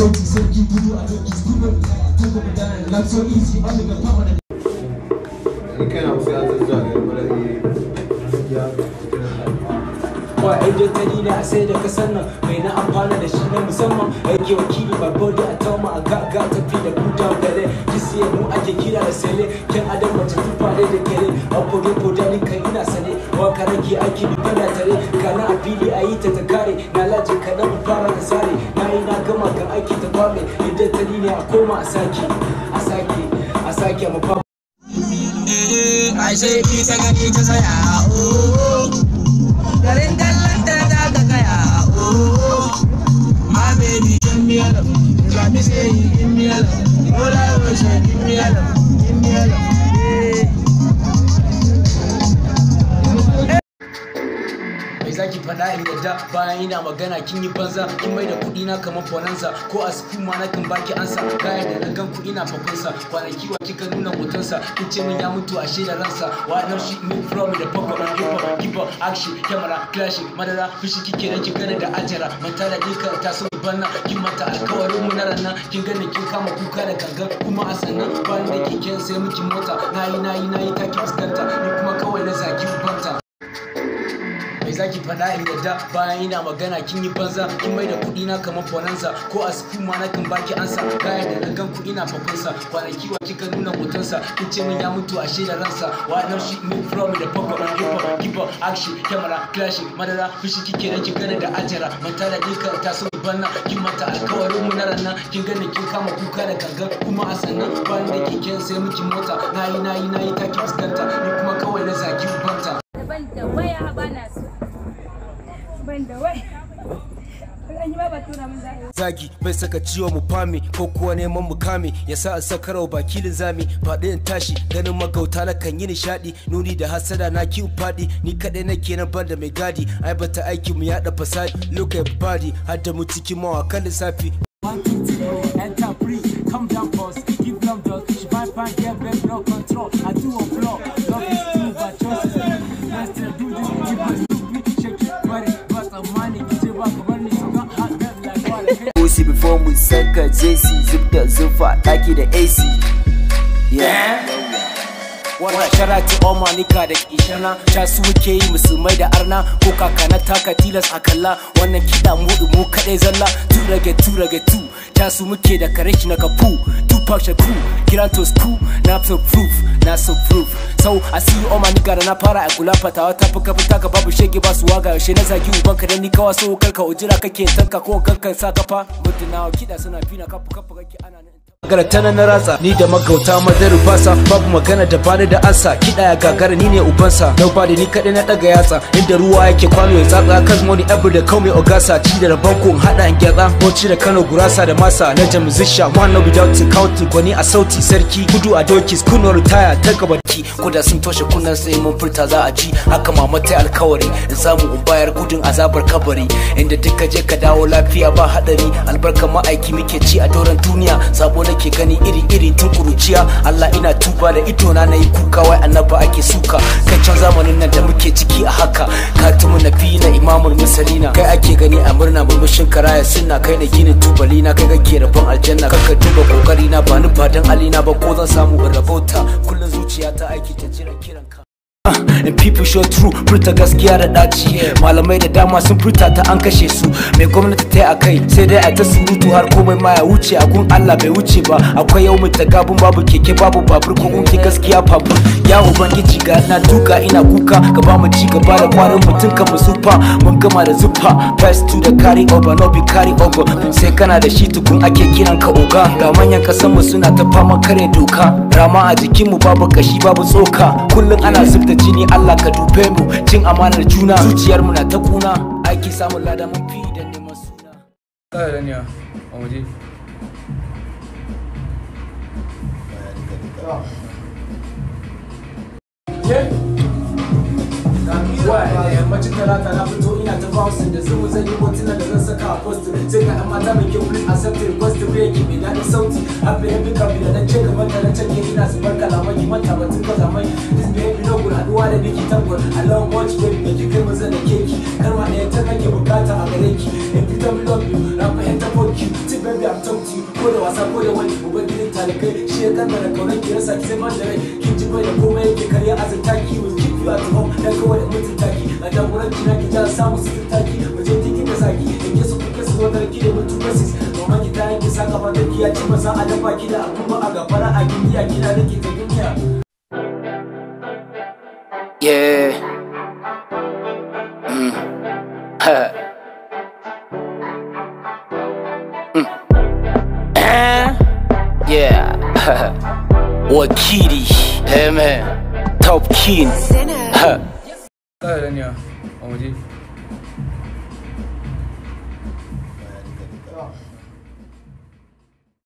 Doki na a doki da Ni na musu na sai da kasar nan na amfana da shi na musamman aiki wakili ba a tauma a gaga da buta dare kisiye mu ake kira da sele kyan adam mace tufa da da kare abubuwan boda ina sane wa aiki bi tare kana a fili a yi ta ta kare na laje kaɗan fara ka sare gama ka aiki ta kwame idan ta ne a koma a sake a sake a sake a mafa eh, ashe ita gani ta tsaya o oh, oh, oh. garin zaki faɗa in yadda bayan ina magana kin yi banza kin mai da kuɗi na kamar bonanza ko a sukuma na kin baki ansa kayan da na gan ku ina fafansa kwanaki wa kika nuna hotonsa kin ce min ya mutu a shaidar ransa wa na shi mu from da pop man hip hip action camera clash madara fishi kike da kika da ajara mata da dika ta so banna kin mata alkawarin mu na ranan kin gane kin kama kuka da gangan kuma a sannan bayan da keken sai miki mota nayi nayi nayi ta ki fuskanta ni kuma kawai na zaki banta zaki faɗa in yadda bayan ina magana kin yi banza kin mai da kuɗi na kamar bonanza ko a sukun ma na kan baki ansa kayan da na gan kuɗi na fafansa kwanaki wa kika nuna hotonsa kin ce min ya mutu a shaidar ransa wa na shi mu from da pop up hip hop hip hop action camera clash madara fushi kike na kika da ajara mata da dika ta sun banna kin mata alkawarin mu na ranna kin gane kin kama kuka da gangan kuma a sannan bayan da keken sai miki mota nayi nayi nayi ta ki ni kuma kawai na zaki ubanta ban da bana su zagi bai saka ciwo mu fami ko kuwa neman mu mukami ya sa a saka sakarau baki linzami faɗi in tashi ganin magauta na kan yi nishaɗi nuni da hasada na ki faɗi ni kaɗai nake na da mai gadi ai bata aiki mu yaɗa fasadi look at body har da mu cikin mawakan lissafi Enter free, come down boss, give them she find find control, I do a mu saka jesi zub da zufa daki da ac yeah wannan shara ta oma oh ka da kishana ta su muke yi musulmai da arna ko kakana taka tilas a kalla wannan kiɗa mu mu kadai zalla tu rage tu rage tu ta su muke da kare shi na kafu tupac shaku kiran to sku na so proof na so proof sau a siyo oma oh ka da na fara a kula fatawa wata fuka fuka taka babu shege ba su waga yaushe na zagi ka da ni kawa so karka ujira kake tanka ko kankan sa kafa mutuna kiɗa suna fina kafu kafu kake ana gagara tana na ratsa ni da magauta madar basa babu magana da bani da ansa kiɗa ya gagara ni ne ubansa nobody ni kaɗai na ɗaga yatsa inda ruwa yake kwano ya tsatsa kan money abu da kau mai ogasa ci da banko in haɗa in gyatsa ci da kano gurasa da masa na jamzisha one no without count gwani a sauti sarki gudu a doki kuno taya ta gabarki ko da sun toshe kunan sai mun furta za a ci haka mama ta alkawari in samu in bayar gudun azabar kabari inda duka je ka dawo lafiya ba haɗari albarkar ma'aiki muke ci a doron duniya sabo nake gani iri-iri tun kuruciya Allah ina tuba da ito na nayi kuka wai annaba ake suka kai can zamanin nan da muke ciki a haka katumu na fi na imamul musalina kai ake gani a murna murmushin karaya suna kai na ginin tubali na kai kake rabon aljanna kaka duba kokari na ba ni fatan alina ba ko zan samu rabota rabauta kullum zuciya ta aiki ta jira kiran and people show true furta gaskiya da daci malamai da dama sun furta ta an kashe su mai gwamnati ta yi a kai sai dai a ta surutu har komai ma ya wuce a gun Allah bai wuce ba akwai yau mai tagabun babu keke babu babur ko gunki gaskiya babur ya ubangiji ga na duka ina kuka ka ba mu ci gaba da kwarin mutum ka mu zufa mun gama da zufa first to the carry over no be carry over sai kana da shi tukun ake kiran ka oga ga manyan kasan mu suna ta fama kare doka rama a jikin mu babu kashi babu tsoka kullum ana da jini Allah ka dupe mu cin amanar juna zuciyar mu na ta kuna aiki samun lada mun fi da neman suna kada a Ke? Wai, yammacin talata na fito ta bouncing da zumu zan yi hotuna da zan saka a post sai ga 'yan mata mai kyau please accept request yake mai daɗin sauti har mai yabi kabila dan ce gaban ta na canke ina zubar kalamai ki manta batun ka zamai this baby no good haɗuwa da biki tangwar I love much baby da ki kai maza da keki ma ɗaya ta kake bukata a gare ki in fitar love you na fahimta for you ti baby I'm talk to you ko da wasa ko da wani ubangijin talibai shi ya karɓar da kaunar ki rasa ki sai ma da rai kin ji bai da komai yake karya azanta ki was tafiya ta hau dan kawai da mutum taki a jagoranci na ki ja samu su taki waje tikin da zaki yanke su kuke su wani ki da mutum basis domin ki ta yanke saka ba ki ya ci maza a dafa ki da akuma a gafara a giniya kina nake ta duniya. yeah hmm. Hmm. Eh? wakili hey man top king 带 来了你啊，王母姬。